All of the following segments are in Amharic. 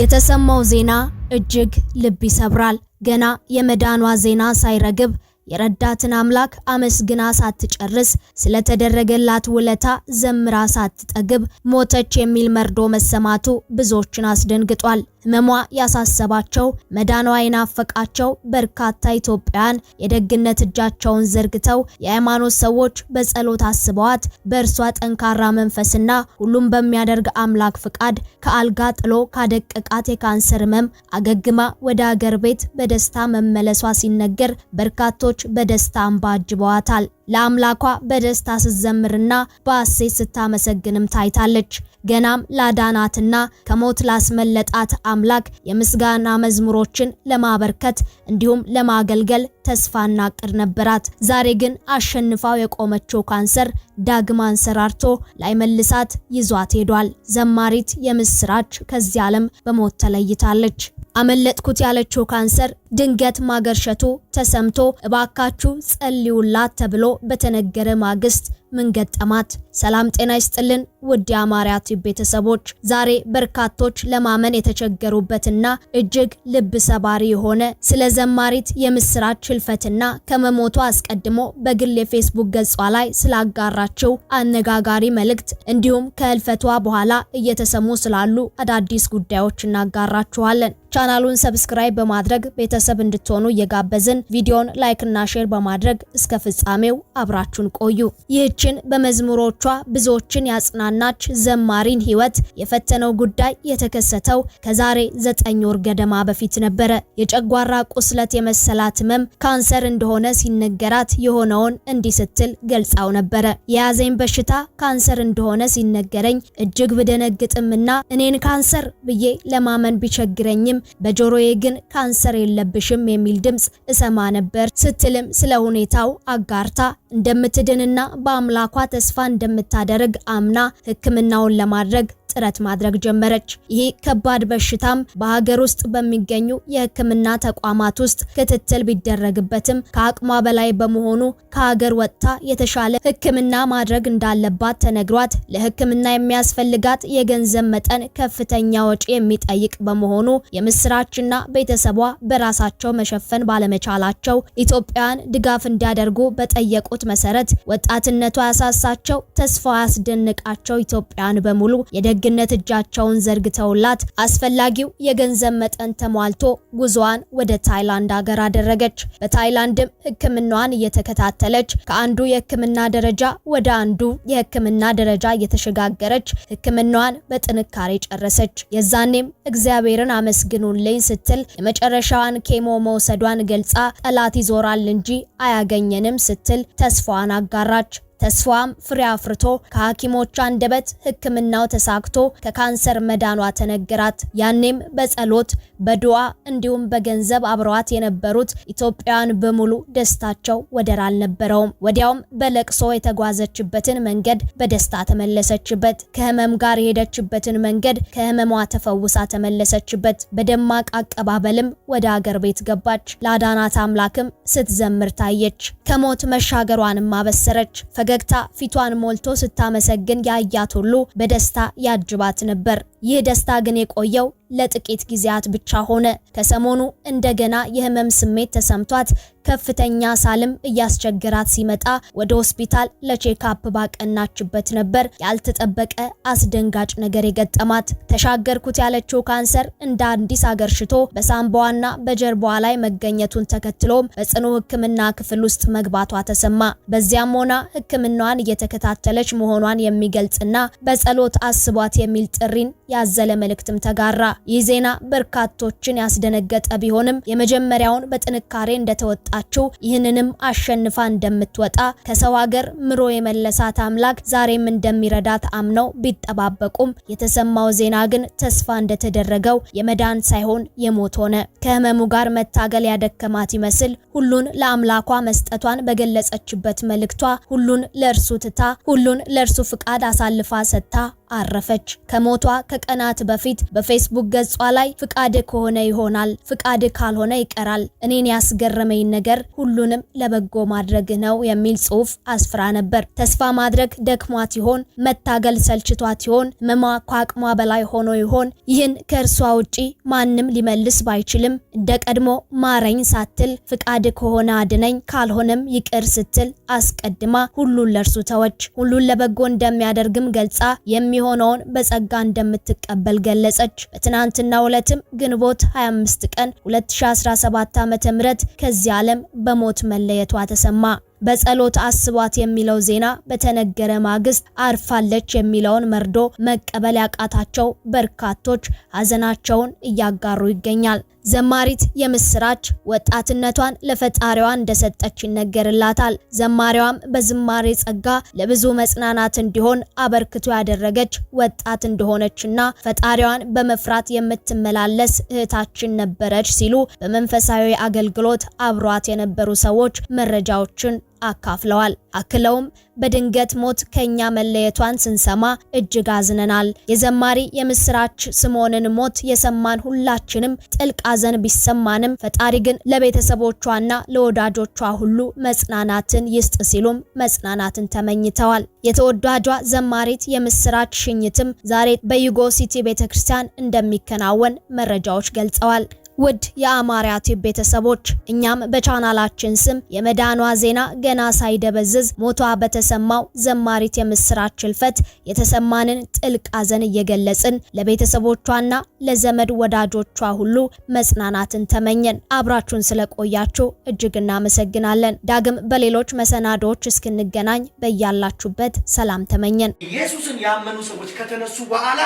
የተሰማው ዜና እጅግ ልብ ይሰብራል። ገና የመዳኗ ዜና ሳይረግብ የረዳትን አምላክ አመስግና ሳትጨርስ ስለተደረገላት ውለታ ዘምራ ሳትጠግብ ሞተች የሚል መርዶ መሰማቱ ብዙዎችን አስደንግጧል። ህመሟ ያሳሰባቸው መዳኗ የናፈቃቸው በርካታ ኢትዮጵያውያን የደግነት እጃቸውን ዘርግተው የሃይማኖት ሰዎች በጸሎት አስበዋት በእርሷ ጠንካራ መንፈስና ሁሉም በሚያደርግ አምላክ ፍቃድ ከአልጋ ጥሎ ካደቀቃት የካንሰር ህመም አገግማ ወደ አገር ቤት በደስታ መመለሷ ሲነገር በርካቶች በደስታ አምባ አጅበዋታል። ለአምላኳ በደስታ ስትዘምርና በአሴት ስታመሰግንም ታይታለች። ገናም ላዳናትና ከሞት ላስመለጣት አምላክ የምስጋና መዝሙሮችን ለማበርከት እንዲሁም ለማገልገል ተስፋና እቅድ ነበራት። ዛሬ ግን አሸንፋው የቆመችው ካንሰር ዳግም አንሰራርቶ ላይመልሳት ይዟት ሄዷል። ዘማሪት የምስራች ከዚህ ዓለም በሞት ተለይታለች። አመለጥኩት ያለችው ካንሰር ድንገት ማገርሸቱ ተሰምቶ እባካችሁ ጸልዩላት ተብሎ በተነገረ ማግስት ምን ገጠማት? ሰላም ጤና ይስጥልን ውድ የአማርያ ቲዩብ ቤተሰቦች፣ ዛሬ በርካቶች ለማመን የተቸገሩበትና እጅግ ልብ ሰባሪ የሆነ ስለ ዘማሪት የምስራች ህልፈትና ከመሞቷ አስቀድሞ በግል የፌስቡክ ገጿ ላይ ስላጋራችው አነጋጋሪ መልእክት እንዲሁም ከህልፈቷ በኋላ እየተሰሙ ስላሉ አዳዲስ ጉዳዮች እናጋራችኋለን። ቻናሉን ሰብስክራይብ በማድረግ ቤተ ቤተሰብ እንድትሆኑ እየጋበዝን ቪዲዮን ላይክ እና ሼር በማድረግ እስከ ፍጻሜው አብራችሁን ቆዩ። ይህችን በመዝሙሮቿ ብዙዎችን ያጽናናች ዘማሪን ሕይወት የፈተነው ጉዳይ የተከሰተው ከዛሬ ዘጠኝ ወር ገደማ በፊት ነበረ። የጨጓራ ቁስለት የመሰላት ህመም ካንሰር እንደሆነ ሲነገራት የሆነውን እንዲህ ስትል ገልጻው ነበረ። የያዘኝ በሽታ ካንሰር እንደሆነ ሲነገረኝ እጅግ ብደነግጥምና እኔን ካንሰር ብዬ ለማመን ቢቸግረኝም በጆሮዬ ግን ካንሰር የለብ የለብሽም የሚል ድምፅ እሰማ ነበር ስትልም ስለ ሁኔታው አጋርታ እንደምትድንና በአምላኳ ተስፋ እንደምታደርግ አምና ሕክምናውን ለማድረግ ጥረት ማድረግ ጀመረች። ይህ ከባድ በሽታም በሀገር ውስጥ በሚገኙ የሕክምና ተቋማት ውስጥ ክትትል ቢደረግበትም ከአቅሟ በላይ በመሆኑ ከሀገር ወጥታ የተሻለ ሕክምና ማድረግ እንዳለባት ተነግሯት ለሕክምና የሚያስፈልጋት የገንዘብ መጠን ከፍተኛ ወጪ የሚጠይቅ በመሆኑ የምስራችና ቤተሰቧ በራሳቸው መሸፈን ባለመቻላቸው ኢትዮጵያን ድጋፍ እንዲያደርጉ በጠየቁት መሰረት ወጣትነቷ ያሳሳቸው ተስፋ ያስደንቃቸው ኢትዮጵያን በሙሉ የደግ በሕግነት እጃቸውን ዘርግተውላት አስፈላጊው የገንዘብ መጠን ተሟልቶ ጉዞዋን ወደ ታይላንድ ሀገር አደረገች። በታይላንድም ሕክምናዋን እየተከታተለች ከአንዱ የሕክምና ደረጃ ወደ አንዱ የሕክምና ደረጃ እየተሸጋገረች ሕክምናዋን በጥንካሬ ጨረሰች። የዛኔም እግዚአብሔርን አመስግኑልኝ ስትል የመጨረሻዋን ኬሞ መውሰዷን ገልጻ ጠላት ይዞራል እንጂ አያገኘንም ስትል ተስፋዋን አጋራች። ተስፋም ፍሬ አፍርቶ ከሐኪሞች አንደበት ሕክምናው ተሳክቶ ከካንሰር መዳኗ ተነገራት። ያኔም በጸሎት በዱዓ እንዲሁም በገንዘብ አብረዋት የነበሩት ኢትዮጵያውያን በሙሉ ደስታቸው ወደር አልነበረውም። ወዲያውም በለቅሶ የተጓዘችበትን መንገድ በደስታ ተመለሰችበት። ከህመም ጋር የሄደችበትን መንገድ ከህመሟ ተፈውሳ ተመለሰችበት። በደማቅ አቀባበልም ወደ አገር ቤት ገባች። ለአዳናት አምላክም ስትዘምር ታየች። ከሞት መሻገሯንም አበሰረች። ፈገግታ ፊቷን ሞልቶ ስታመሰግን ያያት ሁሉ በደስታ ያጅባት ነበር። ይህ ደስታ ግን የቆየው ለጥቂት ጊዜያት ብቻ ሆነ። ከሰሞኑ እንደገና የህመም ስሜት ተሰምቷት ከፍተኛ ሳልም እያስቸገራት ሲመጣ ወደ ሆስፒታል ለቼክአፕ ባቀናችበት ነበር ያልተጠበቀ አስደንጋጭ ነገር የገጠማት። ተሻገርኩት ያለችው ካንሰር እንደ አዲስ አገርሽቶ በሳምባዋና በጀርባዋ ላይ መገኘቱን ተከትሎም በጽኑ ሕክምና ክፍል ውስጥ መግባቷ ተሰማ። በዚያም ሆና ሕክምናዋን እየተከታተለች መሆኗን የሚገልጽና በጸሎት አስቧት የሚል ጥሪን ያዘለ መልእክትም ተጋራ። ይህ ዜና በርካቶችን ያስደነገጠ ቢሆንም የመጀመሪያውን በጥንካሬ እንደተወጣችው ይህንንም አሸንፋ እንደምትወጣ ከሰው ሀገር ምሮ የመለሳት አምላክ ዛሬም እንደሚረዳት አምነው ቢጠባበቁም የተሰማው ዜና ግን ተስፋ እንደተደረገው የመዳን ሳይሆን የሞት ሆነ። ከህመሙ ጋር መታገል ያደከማት ይመስል ሁሉን ለአምላኳ መስጠቷን በገለጸችበት መልእክቷ ሁሉን ለእርሱ ትታ ሁሉን ለእርሱ ፍቃድ አሳልፋ ሰጥታ አረፈች። ከሞቷ ከቀናት በፊት በፌስቡክ ገጿ ላይ ፍቃድ ከሆነ ይሆናል፣ ፍቃድ ካልሆነ ይቀራል፣ እኔን ያስገረመኝ ነገር ሁሉንም ለበጎ ማድረግ ነው የሚል ጽሑፍ አስፍራ ነበር። ተስፋ ማድረግ ደክሟት ይሆን? መታገል ሰልችቷት ይሆን? መማ ከአቅሟ በላይ ሆኖ ይሆን? ይህን ከእርሷ ውጪ ማንም ሊመልስ ባይችልም እንደ ቀድሞ ማረኝ ሳትል ፍቃድ ከሆነ አድነኝ፣ ካልሆነም ይቅር ስትል አስቀድማ ሁሉን ለእርሱ ተወች። ሁሉን ለበጎ እንደሚያደርግም ገልጻ የሚ የሆነውን በጸጋ እንደምትቀበል ገለጸች። በትናንትናው ዕለትም ግንቦት 25 ቀን 2017 ዓ.ም ከዚህ ዓለም በሞት መለየቷ ተሰማ። በጸሎት አስቧት የሚለው ዜና በተነገረ ማግስት አርፋለች የሚለውን መርዶ መቀበል ያቃታቸው በርካቶች ሀዘናቸውን እያጋሩ ይገኛል። ዘማሪት የምስራች ወጣትነቷን ለፈጣሪዋ እንደሰጠች ይነገርላታል። ዘማሪዋም በዝማሬ ጸጋ ለብዙ መጽናናት እንዲሆን አበርክቶ ያደረገች ወጣት እንደሆነችና ፈጣሪዋን በመፍራት የምትመላለስ እህታችን ነበረች ሲሉ በመንፈሳዊ አገልግሎት አብሯት የነበሩ ሰዎች መረጃዎችን አካፍለዋል። አክለውም በድንገት ሞት ከኛ መለየቷን ስንሰማ እጅግ አዝነናል። የዘማሪ የምስራች ስሞንን ሞት የሰማን ሁላችንም ጥልቅ አዘን ቢሰማንም ፈጣሪ ግን ለቤተሰቦቿና ለወዳጆቿ ሁሉ መጽናናትን ይስጥ ሲሉም መጽናናትን ተመኝተዋል። የተወዳጇ ዘማሪት የምስራች ሽኝትም ዛሬ በዩጎ ሲቲ ቤተክርስቲያን እንደሚከናወን መረጃዎች ገልጸዋል። ውድ የአማርያ ቲዩብ ቤተሰቦች እኛም በቻናላችን ስም የመዳኗ ዜና ገና ሳይደበዝዝ ሞቷ በተሰማው ዘማሪት የምስራች ችልፈት የተሰማንን ጥልቅ ሐዘን እየገለጽን ለቤተሰቦቿና ለዘመድ ወዳጆቿ ሁሉ መጽናናትን ተመኘን። አብራችሁን ስለቆያችሁ እጅግ እናመሰግናለን። ዳግም በሌሎች መሰናዶዎች እስክንገናኝ በያላችሁበት ሰላም ተመኘን። ኢየሱስን ያመኑ ሰዎች ከተነሱ በኋላ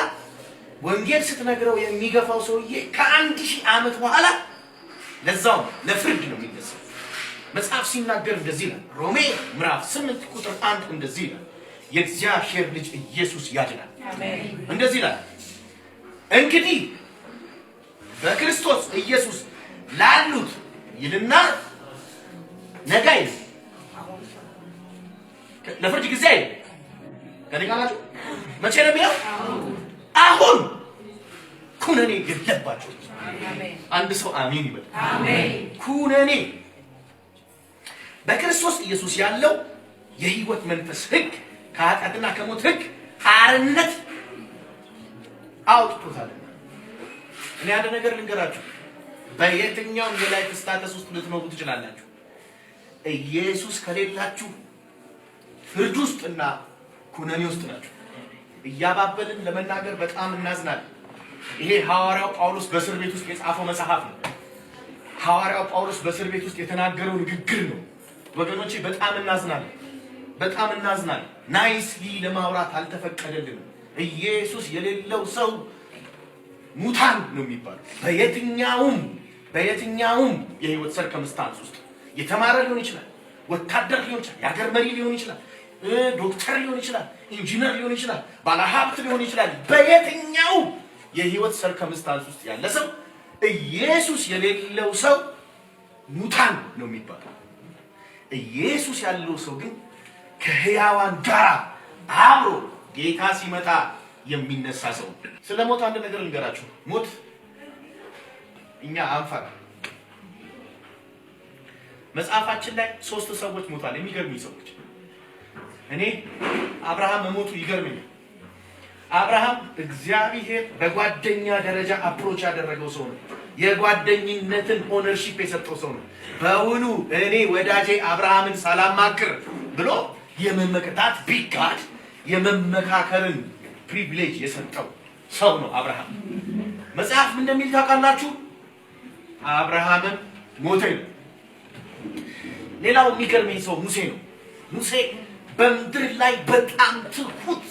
ወንጌል ስትነግረው የሚገፋው ሰውዬ ከአንድ ሺህ ዓመት በኋላ ለዛው ለፍርድ ነው የሚነሳው። መጽሐፍ ሲናገር እንደዚህ ነው። ሮሜ ምዕራፍ ስምንት ቁጥር አንድ እንደዚህ ነው። የእግዚአብሔር ልጅ ኢየሱስ ያድናል። እንደዚህ ይላል፣ እንግዲህ በክርስቶስ ኢየሱስ ላሉት ይልና ነገ ይል ለፍርድ ጊዜ አይል መቼ ነው የሚለው አሁን ኩነኔ የለባቸው። አንድ ሰው አሜን ይበል። ኩነኔ በክርስቶስ ኢየሱስ ያለው የህይወት መንፈስ ህግ ከኃጢአትና ከሞት ህግ አርነት አውጥቶታል። እኔ አንድ ነገር ልንገራችሁ፣ በየትኛውም የላይፍ ስታተስ ውስጥ ልትኖሩ ትችላላችሁ። ኢየሱስ ከሌላችሁ ፍርድ ውስጥና ኩነኔ ውስጥ ናችሁ። እያባበልን ለመናገር በጣም እናዝናለን። ይሄ ሐዋርያው ጳውሎስ በእስር ቤት ውስጥ የጻፈው መጽሐፍ ነው። ሐዋርያው ጳውሎስ በእስር ቤት ውስጥ የተናገረው ንግግር ነው። ወገኖቼ በጣም እናዝናለን፣ በጣም እናዝናለን። ናይስሊ ለማውራት አልተፈቀደልንም። ኢየሱስ የሌለው ሰው ሙታን ነው የሚባለው በየትኛውም በየትኛውም የህይወት ሰርከምስታንስ ውስጥ የተማረ ሊሆን ይችላል፣ ወታደር ሊሆን ይችላል፣ የሀገር መሪ ሊሆን ይችላል ዶክተር ሊሆን ይችላል፣ ኢንጂነር ሊሆን ይችላል፣ ባለሀብት ሊሆን ይችላል። በየትኛው የህይወት ሰርከምስታንስ ውስጥ ያለ ሰው ኢየሱስ የሌለው ሰው ሙታን ነው የሚባለው። ኢየሱስ ያለው ሰው ግን ከህያዋን ጋር አብሮ ጌታ ሲመጣ የሚነሳ ሰው። ስለ ሞት አንድ ነገር ልንገራችሁ። ሞት እኛ አንፈራ። መጽሐፋችን ላይ ሶስት ሰዎች ሞታል፣ የሚገርሙኝ ሰዎች እኔ አብርሃም መሞቱ ይገርመኛል። አብርሃም እግዚአብሔር በጓደኛ ደረጃ አፕሮች ያደረገው ሰው ነው። የጓደኝነትን ኦነርሺፕ የሰጠው ሰው ነው። በውኑ እኔ ወዳጄ አብርሃምን ሳላማክር ብሎ የመመከታት ቢጋድ የመመካከርን ፕሪቪሌጅ የሰጠው ሰው ነው አብርሃም። መጽሐፍ እንደሚል ታውቃላችሁ፣ አብርሃምን ሞተ ነው። ሌላው የሚገርመኝ ሰው ሙሴ ነው። ሙሴ በምድር ላይ በጣም ትሁት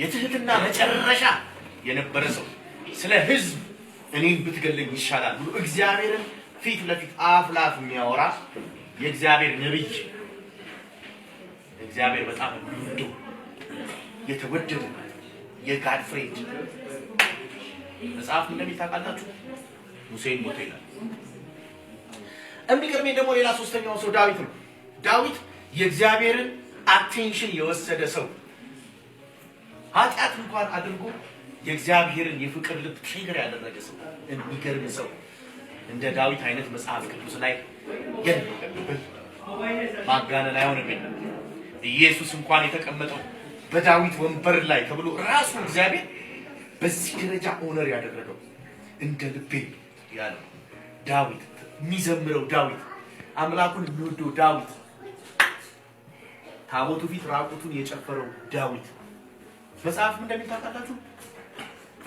የትህትና መጨረሻ የነበረ ሰው ስለ ህዝብ እኔን ብትገለኝ ይሻላል ብሎ እግዚአብሔርን ፊት ለፊት አፍ ላፍ የሚያወራ የእግዚአብሔር ነብይ እግዚአብሔር በጣም ወዶ የተወደዱ የጋድ ፍሬድ መጽሐፍ እንደሚል ታውቃላችሁ። ሙሴን ቦታ ይላል። የሚገርመኝ ደግሞ ሌላ ሶስተኛው ሰው ዳዊት ነው። ዳዊት የእግዚአብሔርን አቴንሽን የወሰደ ሰው ኃጢአት እንኳን አድርጎ የእግዚአብሔርን የፍቅር ልብ ትሪገር ያደረገ ሰው የሚገርም ሰው እንደ ዳዊት አይነት መጽሐፍ ቅዱስ ላይ የለብን ማጋነን አይሆንብኝ። ኢየሱስ እንኳን የተቀመጠው በዳዊት ወንበር ላይ ተብሎ ራሱ እግዚአብሔር በዚህ ደረጃ ኦነር ያደረገው እንደ ልቤ ያለው ዳዊት የሚዘምረው ዳዊት አምላኩን የሚወደው ዳዊት ታቦቱ ፊት ራቁቱን የጨፈረው ዳዊት መጽሐፍ እንደሚል ታውቃላችሁ።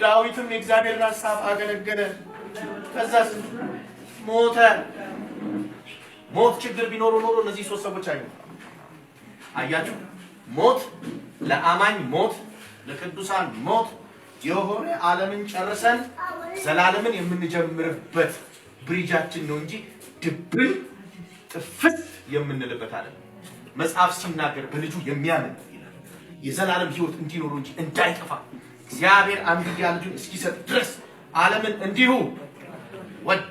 ዳዊትም የእግዚአብሔርን ሀሳብ አገለገለ። ከዛስ ሞተ። ሞት ችግር ቢኖሩ ኖሮ እነዚህ ሶስት ሰዎች አይ አያችሁ፣ ሞት ለአማኝ ሞት፣ ለቅዱሳን ሞት የሆነ ዓለምን ጨርሰን ዘላለምን የምንጀምርበት ብሪጃችን ነው እንጂ ድብን ጥፍት የምንልበት አለ መጽሐፍ ሲናገር በልጁ የሚያምን የዘላለም ሕይወት እንዲኖሩ እንጂ እንዳይጠፋ እግዚአብሔር አንድያ ልጁን እስኪሰጥ ድረስ ዓለምን እንዲሁ ወድ